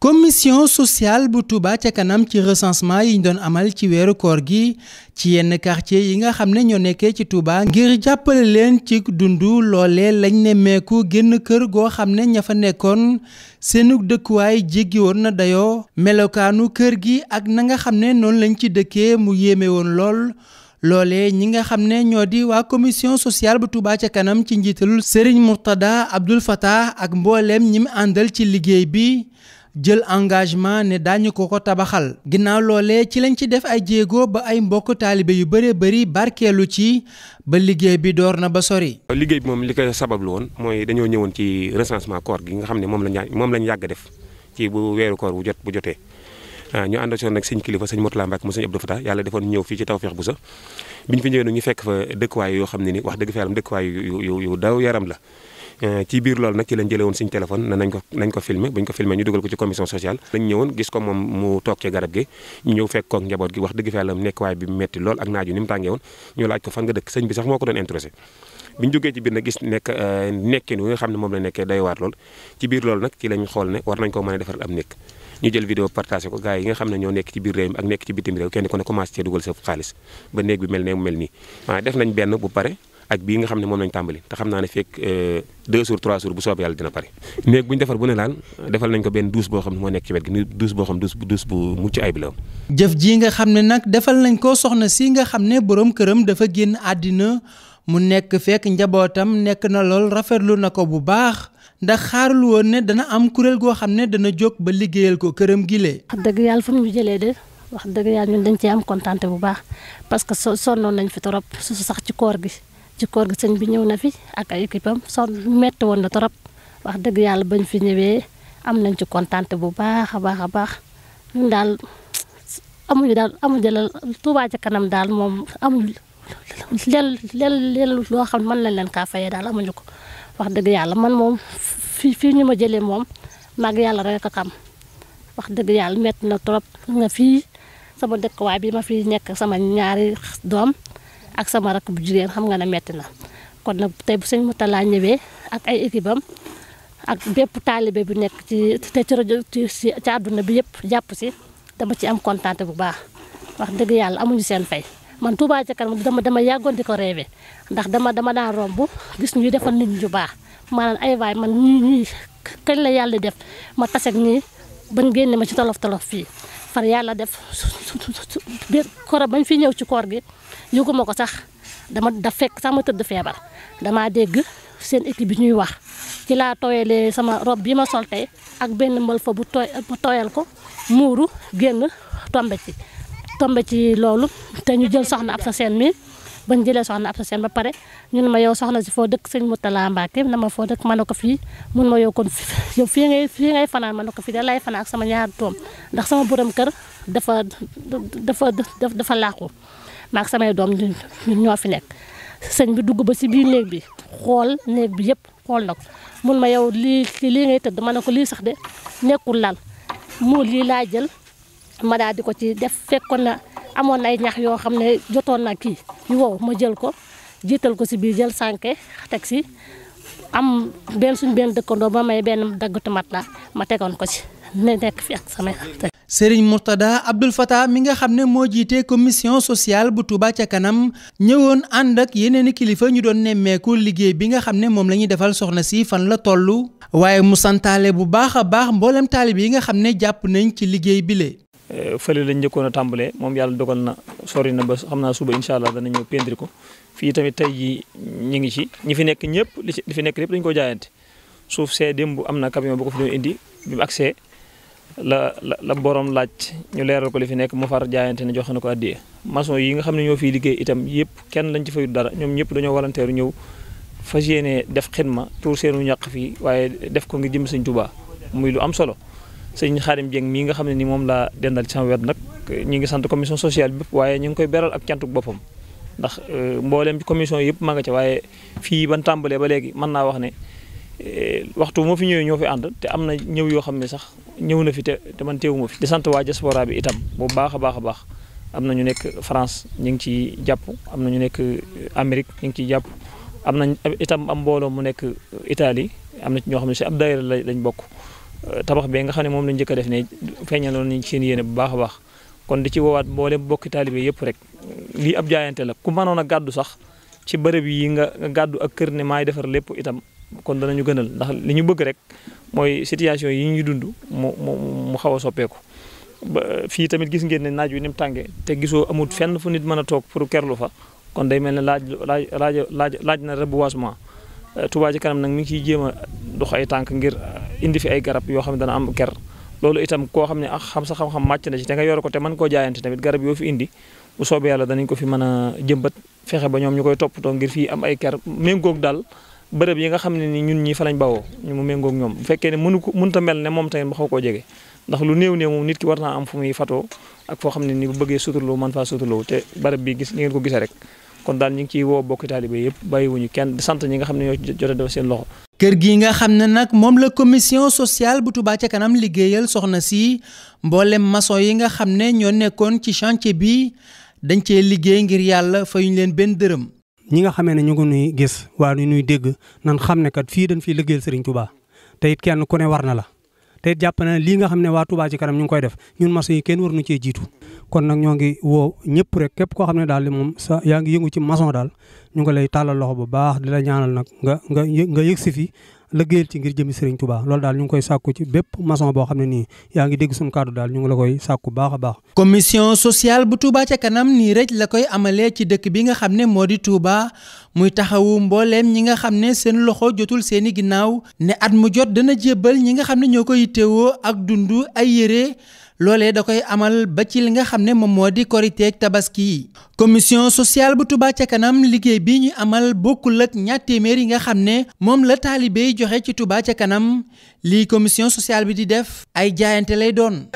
commission sociale bu Touba ca kanam ci recensement yi ñu doon amal ci weeru koor gi ci yenn quartier yi nga xam ne ñoo nekkee ci Touba ngir jàppale leen ci dundu loolee lañ ne meeku génn kër goo xam ne ña fa nekkoon seenu dëkkuwaay jéggi woon na dayoo melokaanu kër gi ak na nga xam ne noonu lañ ci dëkkee mu yéeme woon lool loole ñi nga xam ne ñoo di waa commission sociale bu Touba ca kanam ci njiitalul Serigne Mourtada Abdoul Fattah ak mbooleem ñi àndal ci liggéey bi jël engagement ne daañu ko ko tabaxal ginnaaw loolee ci lañ ci def ay jéego ba ay mbokk taalibe yu bëree bëri barkeelu ci ba liggéey bi door na ba sori. liggéey bi moom li ko sabablu woon mooy dañoo ñëwoon ci recensement koor gi nga xam ne moom lañ moom lañ yàgg def ci bu weeru koor bu jot bu jotee. Ah, ñu ànd ak nag sëñ kilifa sëñ Murtala Mbàkke mu sëñ Abdou Fatah yàlla defoon ñëw fii ci Tawfekh Bousso bi ñu fi ñëwee ñu fekk fa dëkkuwaay yoo xam ne ni wax dëgg fa yàlla dëkkuwaay yu daw yaram la. Euh, ci biir lool nag ci lañ jëlee woon suñ téléphone ne nañ ko nañ ko filmer buñ ko filmer ñu dugal ko ci commission sociale lañ ñëwoon gis ko moom mu toog ci garab gi ñu lool ak naaju ni mu tàngee woon ñu laaj ko fan nga dëkk sëñ bi euh, la nekkee doy waar lool ci biir loolu nag lañ xool ne war nañ ko mën a defaral jël vidéo partagé ko gars yi nga xam ne ñoo nekk ci biir réew mi ak nekk ci bitim réew kenn ku ne commencé cee dugal sa xaalis ba néeg bi mel ne mu mel nii waaw def nañ benn bu pare ak bii nga xam ne moom nañ tàmbali te xam naa ne fekk euh, deux jours trois jours bu soobee yàlla dina pare néeg bu ñu defar bu ne laal defal nañ ko benn douche boo xam ne moo nekk ci wet gi douche boo jëf ji nga xam ne nag defal nañ ko soxna si nga xam ne boroom këram dafa génn àddina mu nekk fekk njabootam nekk na lool rafetlu na ko bu baax ndax xaarul woon ne dana am kuréel goo xam ne dana jóg ba liggéeyal ko këram gi lee wax dëgg yàlla fu mu jëlee de wax dëgg yàlla dañ cee am kontaan bu baax parce que sonnoon nañ fi trop sax ci koor gi ci koor sëñ bi ñëw na fi ak ay équipam am son metti woon na trop wax dëgg yàlla bañ fi ñëwee am nañ ci kontante bu baax a baax a baax ñun daal amuñu daal amuñu la Touba ca kanam daal moom amuñu lel lel loo xam man mën leen kaa fayee daal amuñu ko wax dëgg yàlla man moom fii fii ñu ma jëlee moom maag yàlla rek a wax dëgg yàlla metti na trop nga fii sama dëkkuwaay bi ma fi nekk sama ñaari doom ak sama rakk bu jigéen xam nga ne metti na kon nag tey bu sëñ Moutalla ñëwee ak ay équipe ak bépp taalibe bu nekk ci te ci rajo ci àdduna bi yëpp jàpp si dama ci am kontaante bu baax wax dëgg yàlla amuñu seen fay. man Touba ca kanam dama dama yàggoon di ko réewee ndax dama dama daan romb gis ñuy defal nit ñu baax maanaam ay waay man ñii ñii kañ la yàlla def ma taseeg ñii ban génne ma ci tolof tolof fii. far yàlla def koro bañ fi ñëw ci koor gi yëguma ko sax dama daf fekk sax ma tëdd feebar dama dégg seen équipe bi ñuy wax ci laa tooyalee sama rob bi ma sol tey ak benn mbal fa bu tooyal ko muuru génn tombe ci tombe ci loolu te ñu jël soxna ab sa seen mi bañ jëlee soxna Absa Sène ba pare ñun ma yow soxna si foo dëkk sëñ Moutala Mbacke na ma foo dëkk ma ne ko fii mun ma yow kon yow fii ngay fii ngay fanaan ma ne ko fii da lay fanaan ak sama ñaar doom ndax sama borom kër dafa dafa dafa làqu maak samay doom ñoo fi nekk sëñ bi dugg ba si biir néeg bi xool néeg bi yëpp xool na ko mun ma yow lii lii ngay tëdd ma ne ko lii sax de nekkul lal muul lii laa jël ma daal di ko ci def fekkoon na amoon ay ñax yoo xam ne jotoon na kii yu wow ma jël ko jiital ko si biir jël sànke teg si am benn suñ benn dëkkandoo ba may benn dagg tomate ma tegoon ko ci ne nekk fi ak samay Serigne Mourtada Fattah mi nga xam ne moo jiite commission sociale bu Touba ca kanam ñëwoon ànd ak yeneen kilifa ñu doon nemmeeku liggéey bi nga xam ne moom la ñuy defal soxna si fan la toll waaye mu bu baax a baax mboolem taalib yi nga xam ne jàpp nañ ci liggéey bile. Euh, fële lañ njëkkoon a tàmbalee moom yàlla dogal na sori na ba xam naa suba incha allah dana ñëw péntri ko fii tamit tey jii ñu ngi ci ñu fi nekk ñëpp li ci fi nekk lépp dañu ko jaayante suuf see démb am na camion bu ko fi indi bi mu agsee la la la borom laaj ñu leeral ko li fi nekk mu far jaayante ne joxe na ko addiye maçon yi nga xam ne ñoo fiy liggéey itam yëpp kenn lañ ci fayut dara ñoom ñëpp dañoo walanteeru ñëw fa yéene def xidma pour seenu ñàq fii waaye def ko ngi jëm sañ Tuubaa muy lu am solo sëñ Xaadim Dieng mii nga xam ne nii moom laa dendal ci sama wet nag ñi ngi sant commission sociale bépp waaye ñu ngi koy beral ak cantuk boppam ndax euh, mbooleem commission yëpp ma nga ca waaye fii ban tàmbalee ba léegi mën naa wax ne euh, waxtu moo fi ñëwee ñoo fi ànd te am na ñëw yoo xam ne sax ñëw na fi te te man teewuma fi di sant waa diaspora itam bu baax a baax a baax am na ñu nekk France ñu ngi ciy jàpp am na ñu nekk euh, Amérique ñu ngi ciy jàpp am na itam am mbooloo mu nekk itali am na ci ñoo xam ne si ab daayira lañ bokk tabax bee nga xam ne moom lañ njëkk a def ne feeñaloon nañ seen yéene bu baax a baax kon di ci woowaat boole bokki taalibe yëpp rek lii ab jaayante la ku mënoon a gàddu sax ci bërëb yi nga gàddu ak kër ne maay defar lépp itam kon danañu gënal ndax li ñu bëgg rek mooy situation yi ñuy dund mu mu mu xaw a soppeeku. ba fii tamit gis ngeen ne naaj wi ni mu tàngee te gisoo amut fenn fu nit mën a toog pour kerlu fa kon day mel ne laaj laaj laaj laaj na reboisement Touba Ca Kanam nag mi ngi ciy jéem a dox ay tànk ngir indi fi ay garab yoo xam ne dana am ker loolu itam koo xam ne ah xam sa xam-xam màcc na ci te nga yor ko te mën koo jaayante tamit garab yoo fi indi bu soobee yàlla dana ko fi mën a jëmbat fexe ba ñoom ñu koy toppatoo ngir fii am ay ker méngoog daal bërëb yi nga xam ne ni ñun ñi fa lañ bawoo ñu mu méngoog ñoom bu fekkee ne mënu ko mënta mel ne moom tamit mu xaw koo jege ndax lu néew néew moom nit ki war naa am fu muy fatoo ak foo xam ne ni bu bëggee suturloo man faa suturloo te bërëb bi gis ni ngeen ko gisee rek kon daal ñu ngi ciy woo bokki taalibe yëpp bàyyiwuñu kenn di sant ñi nga xam ne ñoo jot a def seen loxo. kër gi nga xam ne nag moom la commission sociale bu Touba ca kanam liggéeyal soxna si mboolem mason yi nga xam ne ñoo nekkoon ci chantier bi dañ cee liggéey ngir yàlla fayuñ leen benn ñi nga xamee ne ñu ngi nuy gis waa nu ñuy dégg nan xam ne kat fii dañ fiy liggéeyal Serigne Touba te it kenn ku ne war na la te it jàpp na lii nga xam ne waa Touba ci kanam ñu ngi koy def ñun maçon yi kenn war nu cee jiitu kon nag ñoo ngi woo ñëpp rek képp koo xam ne daal moom sa yaa ngi yëngu ci mason daal ñu ngi lay tàllal loxo bu baax di la ñaanal nag nga nga nga yëg si fi liggéeyal ci ngir jëmi Serigne Touba loolu daal ñu ngi koy sàkku ci bépp maçon boo xam ne nii yaa ngi dégg suñu kàddu daal la koy sàkku baax a baax. commission sociale bu Touba ca kanam nii rek la koy amalee ci dëkk bi nga xam ne moo di Touba muy taxawu mbooleem ñi nga xam ne seen loxo jotul seen i ginnaaw ne at mu jot dana jébbal ñi nga xam ne ñoo koy yittewoo ak dundu ay yére loole da koy amal ba ci li nga xam ne moom moo di koriteeg tabaski yi commission sociale bu Touba ca kanam liggéey bi ñu amal bokkul ak ñaar yi nga xam ne moom la taalibe joxe ci Touba ca kanam lii commission sociale bi di def ay jaayante lay doon